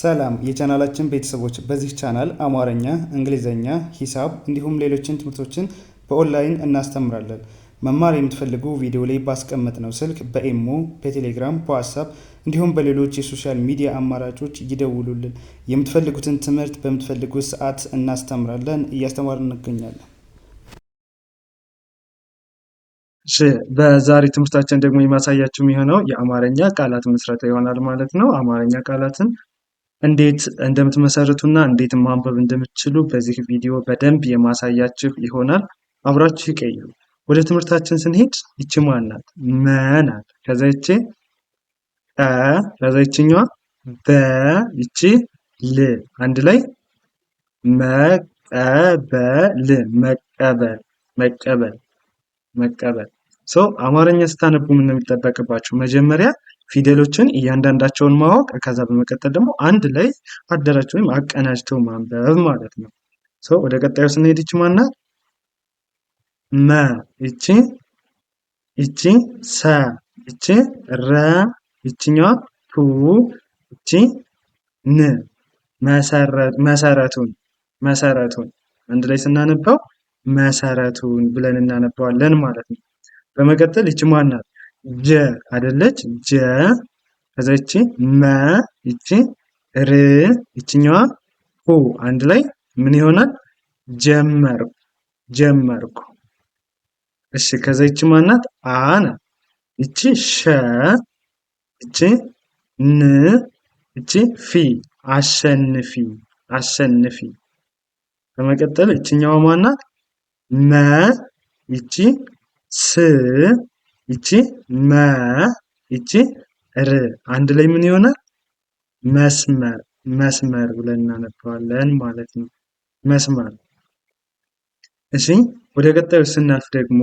ሰላም የቻናላችን ቤተሰቦች፣ በዚህ ቻናል አማርኛ፣ እንግሊዝኛ፣ ሂሳብ እንዲሁም ሌሎችን ትምህርቶችን በኦንላይን እናስተምራለን። መማር የምትፈልጉ ቪዲዮ ላይ ባስቀመጥ ነው ስልክ በኢሞ በቴሌግራም በዋትሳፕ እንዲሁም በሌሎች የሶሻል ሚዲያ አማራጮች ይደውሉልን። የምትፈልጉትን ትምህርት በምትፈልጉት ሰዓት እናስተምራለን፣ እያስተማርን እንገኛለን። በዛሬ ትምህርታችን ደግሞ የማሳያችሁ የሚሆነው የአማርኛ ቃላት ምስረታ ይሆናል ማለት ነው። አማርኛ ቃላትን እንዴት እንደምትመሰርቱና እንዴት ማንበብ እንደምትችሉ በዚህ ቪዲዮ በደንብ የማሳያችሁ ይሆናል። አብራችሁ ይቀይሩ። ወደ ትምህርታችን ስንሄድ ይቺ ማናት? መናት። ከዛ ይቺ ጠ፣ ከዛ ይችኛዋ በ፣ ይቺ ል። አንድ ላይ መቀበል፣ መቀበል፣ መቀበል፣ መቀበል። ሰው አማርኛ ስታነቡ ምን ነው የሚጠበቅባችሁ? መጀመሪያ ፊደሎችን እያንዳንዳቸውን ማወቅ ከዛ በመቀጠል ደግሞ አንድ ላይ አደራጅቶ ወይም አቀናጅቶ ማንበብ ማለት ነው። ሰው ወደ ቀጣዩ ስንሄድ ይች ማናት? መ ይቺ ይቺ ሰ ይቺ ረ ይቺኛዋ ቱ ይቺ ን መሰረቱን መሰረቱን አንድ ላይ ስናነባው መሰረቱን ብለን እናነባዋለን ማለት ነው። በመቀጠል ይች ማናት? ጀ አይደለች ጀ ከዛ ይቺ መ ይቺ ር ይችኛዋ ሁ አንድ ላይ ምን ይሆናል? ጀመርኩ ጀመርኩ። እሺ ከዛ ይቺ ማናት? አ ናት። ይቺ ሸ ይቺ ን ይቺ ፊ አሸንፊ አሸንፊ። በመቀጠል ይችኛዋ ማናት? መ ይቺ ስ ይቺ መ ይቺ ር አንድ ላይ ምን ይሆናል? መስመር መስመር ብለን እናነባዋለን ማለት ነው። መስመር። እሺ ወደ ቀጣዩ ስናልፍ ደግሞ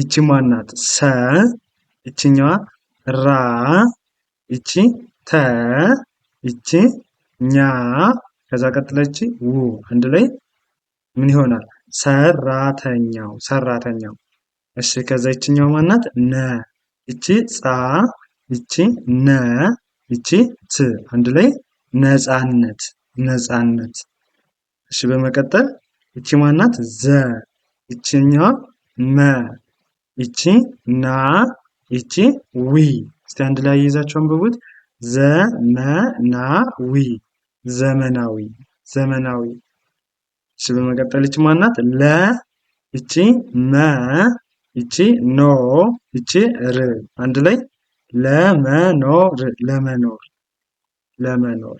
ይቺ ማናት? ሰ ይቺኛዋ ራ ይቺ ተ ይቺ ኛ ከዛ ቀጥለች ው አንድ ላይ ምን ይሆናል? ሰራተኛው ሰራተኛው እሺ ከዛ ይችኛው ማናት? ነ ይቺ ጻ ይቺ ነ ይቺ ት አንድ ላይ ነጻነት ነጻነት። እሺ በመቀጠል ይቺ ማናት? ዘ ይችኛዋ መ ይቺ ና ይቺ ዊ እስቲ አንድ ላይ ይዛቸው አንብቡት። ዊ ዘመናዊ ዘመናዊ። እሺ በመቀጠል ይቺ ማናት? ለ ይቺ መ ይቺ ኖ ይቺ ር አንድ ላይ ለመኖር ለመኖር ለመኖር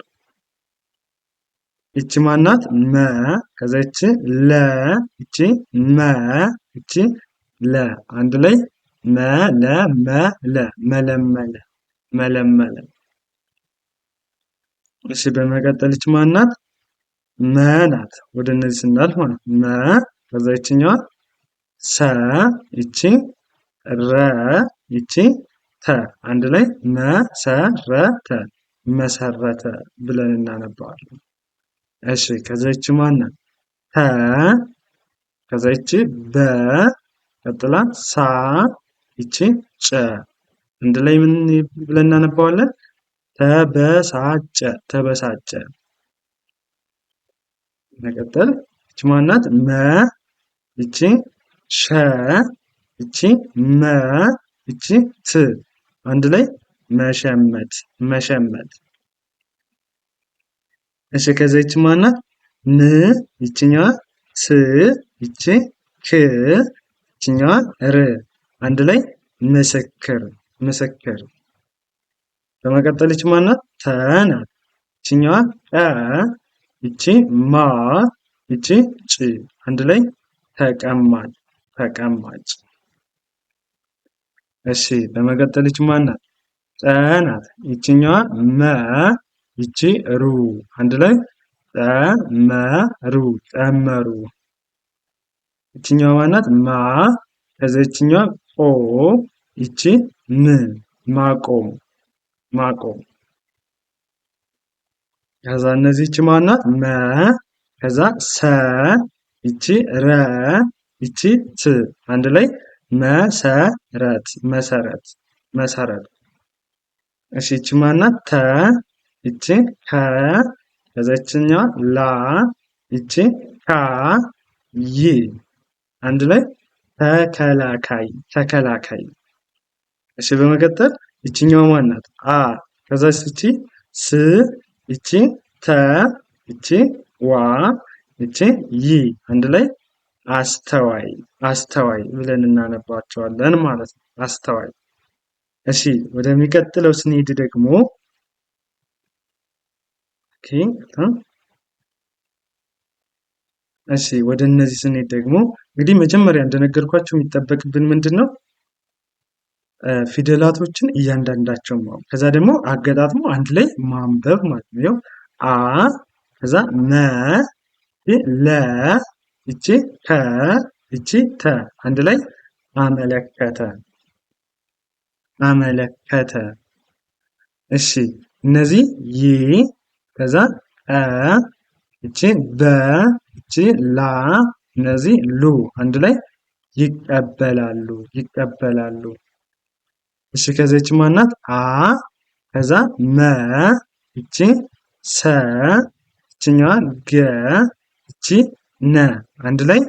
ይቺ ማናት መ ከዛ ይቺ ለ ይቺ መ ይቺ ለ አንድ ላይ መ መ ለ ለ መለመለ መለመለ እሺ በመቀጠል ይቺ ማናት መ ናት ወደ እነዚህ ስናልፍ ማለት መ ከዛ ይችኛዋ ሰ ይቺ ረ ይቺ ተ አንድ ላይ መሰረተ መሰረተ ብለን እናነባዋለን። እሺ ከዛ ይቺ ማና ተ ከዛ ይቺ በ ቀጥላ ሳ ይቺ ጨ አንድ ላይ ምን ብለን እናነባዋለን? ተበሳጨ ተበሳጨ። መቀጠል ይቺ ማናት? መ ይቺ ሸ እቺ መ እቺ ት አንድ ላይ መሸመት መሸመት። እሺ ከዛ ይቺ ማናት? ን ይችኛዋ ስ ይቺ ክ ይችኛዋ ር አንድ ላይ ምስክር ምስክር። በመቀጠል ይቺ ማናት? ተ ናት። ይችኛዋ ቀ ይቺ ማ ይቺ ጭ አንድ ላይ ተቀማጭ ተቀማጭ። እሺ በመቀጠል ይች ማን ጠ ናት። ይችኛዋ መ ይቺ ሩ አንድ ላይ ጠመሩ ጠመሩ። ይችኛዋ ማናት? ማ ከዛ ይችኛዋ ይቺ ም ማቆም ማቆም። ከዛ እነዚህ ማናት? መ ከዛ ሰ ይቺ ረ ይቺ ት አንድ ላይ መሰረት መሰረት መሰረት። እሺ ይቺ ማናት? ተ ይቺ ከ ከዛችኛዋ ላ ይቺ ካ ይ አንድ ላይ ተከላካይ ተከላካይ። እሺ በመቀጠል ይቺኛው ማናት? አ ከዛች ይቺ ስ ይቺ ተ ይቺ ዋ ይቺ ይ አንድ ላይ አስተዋይ አስተዋይ ብለን እናነባቸዋለን ማለት ነው። አስተዋይ። እሺ ወደሚቀጥለው ስንሄድ ደግሞ እሺ ወደ እነዚህ ስንሄድ ደግሞ እንግዲህ መጀመሪያ እንደነገርኳቸው የሚጠበቅብን ምንድን ነው? ፊደላቶችን እያንዳንዳቸው ማወቅ፣ ከዛ ደግሞ አገጣጥሞ አንድ ላይ ማንበብ ማለት ነው። አ ከዛ መ ለ ይቺ ከ ይቺ ተ አንድ ላይ አመለከተ አመለከተ። እሺ እነዚህ ይ ከዛ አ ይቺን በ ይቺን ላ እነዚህ ሉ አንድ ላይ ይቀበላሉ ይቀበላሉ። እሺ ከዛ ይቺ ማናት? አ ከዛ መ ይቺ ሰ ይችኛዋ ገ ይቺ ነ አንድ ላይ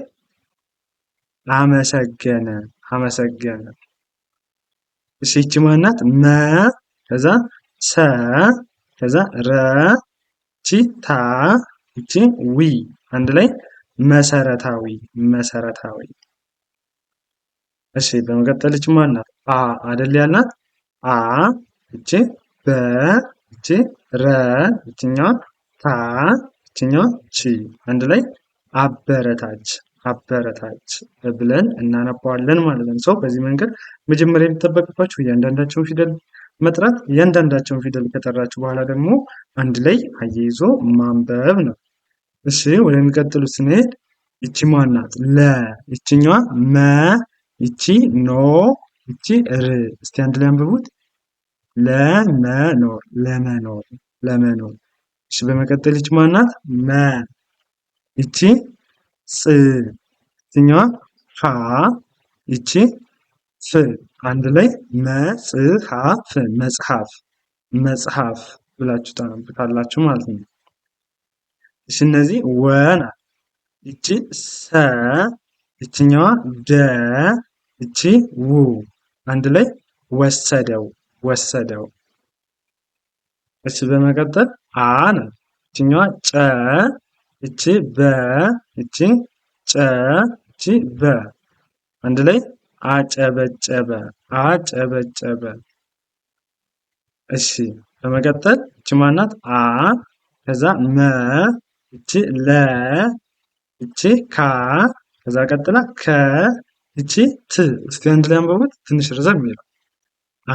አመሰገነ አመሰገነ። እሺ ይቺ ማናት? መ ከዛ ሰ ከዛ ረ ቺ ታ እቺ ዊ አንድ ላይ መሰረታዊ መሰረታዊ። እሺ በመቀጠልች ይቺ ማናት? አ አደል ያልናት አ እቺ በ እቺ ረ ይችኛዋ ታ ይችኛዋ ቺ አንድ ላይ አበረታች አበረታች ብለን እናነባዋለን ማለት ነው። ሰው በዚህ መንገድ መጀመሪያ የሚጠበቅባችሁ እያንዳንዳቸውን ፊደል መጥራት፣ እያንዳንዳቸውን ፊደል ከጠራችሁ በኋላ ደግሞ አንድ ላይ አያይዞ ማንበብ ነው። እሺ ወደሚቀጥሉት ስንሄድ ይቺ ማናት? ለ ይቺኛዋ መ ይቺ ኖ ይቺ ር። እስቲ አንድ ላይ አንብቡት። ለመኖር ለመኖር ለመኖር። እሺ በመቀጠል ይች ማናት? መ ይቺ ጽ ይችኛዋ ሃ ይቺ ፍ አንድ ላይ መጽሐፍ መጽሐፍ መጽሐፍ ብላችሁ ታነቡታላችሁ ማለት ነው። እሺ እነዚህ ወ ናት። ይቺ ሰ ይችኛዋ ደ ይቺ ው አንድ ላይ ወሰደው ወሰደው። እሺ በመቀጠል አ ናት። ይችኛዋ ጨ እቺ በ እቺ ጨ እቺ በ አንድ ላይ አጨበጨበ አጨበጨበ። እሺ በመቀጠል እቺ ማናት አ ከዛ መ እቺ ለ እቺ ካ ከዛ ቀጥላ ከ እቺ ት እስቲ አንድ ላይ አንበቡት። ትንሽ ረዘም የሚለው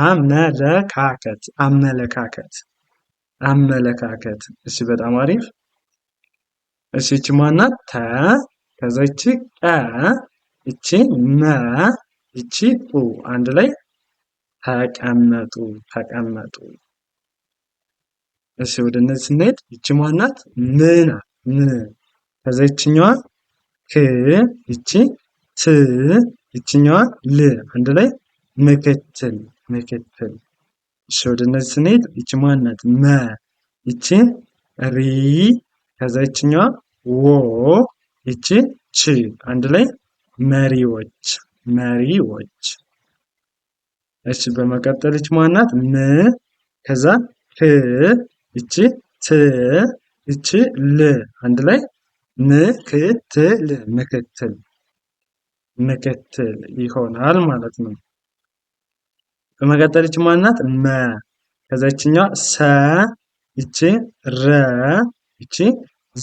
አመለካከት አመለካከት አመለካከት። እሺ በጣም አሪፍ እሺች እቺ ማናት? ተ ከዛች ቀ እቺ መ እቺ ጡ አንድ ላይ ተቀመጡ ተቀመጡ። እሺ ወደ እነዚህ ስንሄድ እቺ ማናት? ምና ናት ም ከዛ ክ እቺ ት ይችኛዋ ል አንድ ላይ ምክትል ምክትል። እሺ ወደ እነዚህ ስንሄድ እቺ ማናት? መ እቺ ሪ ከዛ ዎ ይቺ ች አንድ ላይ መሪዎች መሪዎች። እሺ በመቀጠል ይቺ ማናት? ም ከዛ ህ ይቺ ት ይቺ ል አንድ ላይ ምክትል ምክትል ምክትል ይሆናል ማለት ነው። በመቀጠል ይቺ ማናት? መ ከዛ ይቺኛዋ ሰ ይቺ ረ ይቺ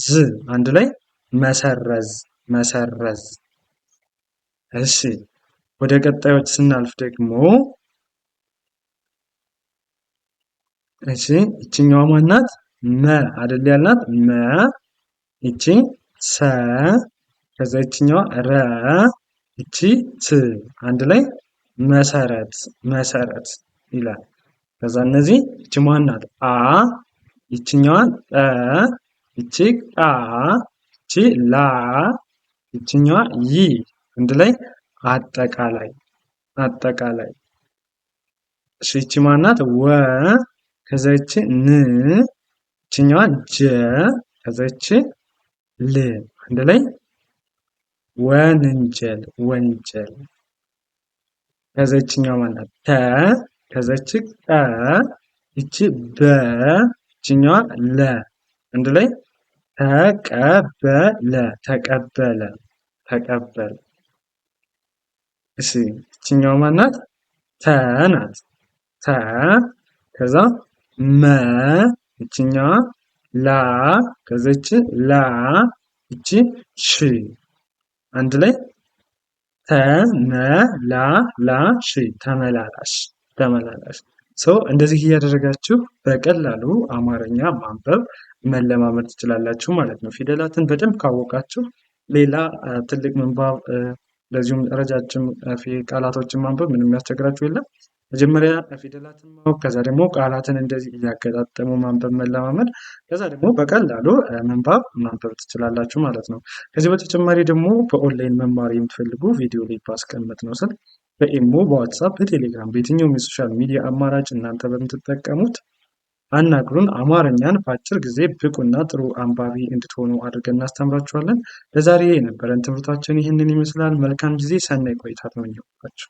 ዝ አንድ ላይ መሰረዝ መሰረዝ። እሺ ወደ ቀጣዮች ስናልፍ ደግሞ እሺ እችኛዋ ማናት? መ አደል ያልናት መ እቺ ሰ ከዛ እችኛዋ ረ እቺ ት አንድ ላይ መሰረት መሰረት ይላል። ከዛ እነዚህ እቺ ማናት? አ ይችኛዋን ጠ ይቺ ቃ ይቺ ላ ይችኛዋ ይ አንድ ላይ አጠቃላይ አጠቃላይ። እሺ ማናት? ወ ከዛ ን ጀ ከዛ ል አንድ ላይ ወንጀል ወንጀል። ከዛ ይችኛዋ ማናት? ተ ከዛ ቀ ይቺ በ ይችኛዋ ለ አንድ ላይ ተቀበለ ተቀበለ ተቀበለ። እሺ እችኛው ማናት? ተ ናት። ተ ከዛ መ እችኛዋ ላ ከዘች ላ እቺ ሽ አንድ ላይ ተመላላሽ ተመላላሽ ተመላላሽ ሰው እንደዚህ እያደረጋችሁ በቀላሉ አማርኛ ማንበብ መለማመድ ትችላላችሁ ማለት ነው። ፊደላትን በደንብ ካወቃችሁ ሌላ ትልቅ ምንባብ እንደዚሁም ረጃጅም ቃላቶችን ማንበብ ምንም የሚያስቸግራችሁ የለም። መጀመሪያ ፊደላትን ማወቅ፣ ከዛ ደግሞ ቃላትን እንደዚህ እያገጣጠሙ ማንበብ መለማመድ፣ ከዛ ደግሞ በቀላሉ ምንባብ ማንበብ ትችላላችሁ ማለት ነው። ከዚህ በተጨማሪ ደግሞ በኦንላይን መማር የምትፈልጉ ቪዲዮ ላይ ባስቀመጥ ነው ስል በኢሞ፣ በዋትሳፕ፣ በቴሌግራም በየትኛውም የሶሻል ሚዲያ አማራጭ እናንተ በምትጠቀሙት አናግሩን። አማርኛን በአጭር ጊዜ ብቁና ጥሩ አንባቢ እንድትሆኑ አድርገን እናስተምራችኋለን። ለዛሬ የነበረን ትምህርታችን ይህንን ይመስላል። መልካም ጊዜ፣ ሰናይ ቆይታ ተመኘሁባችሁ።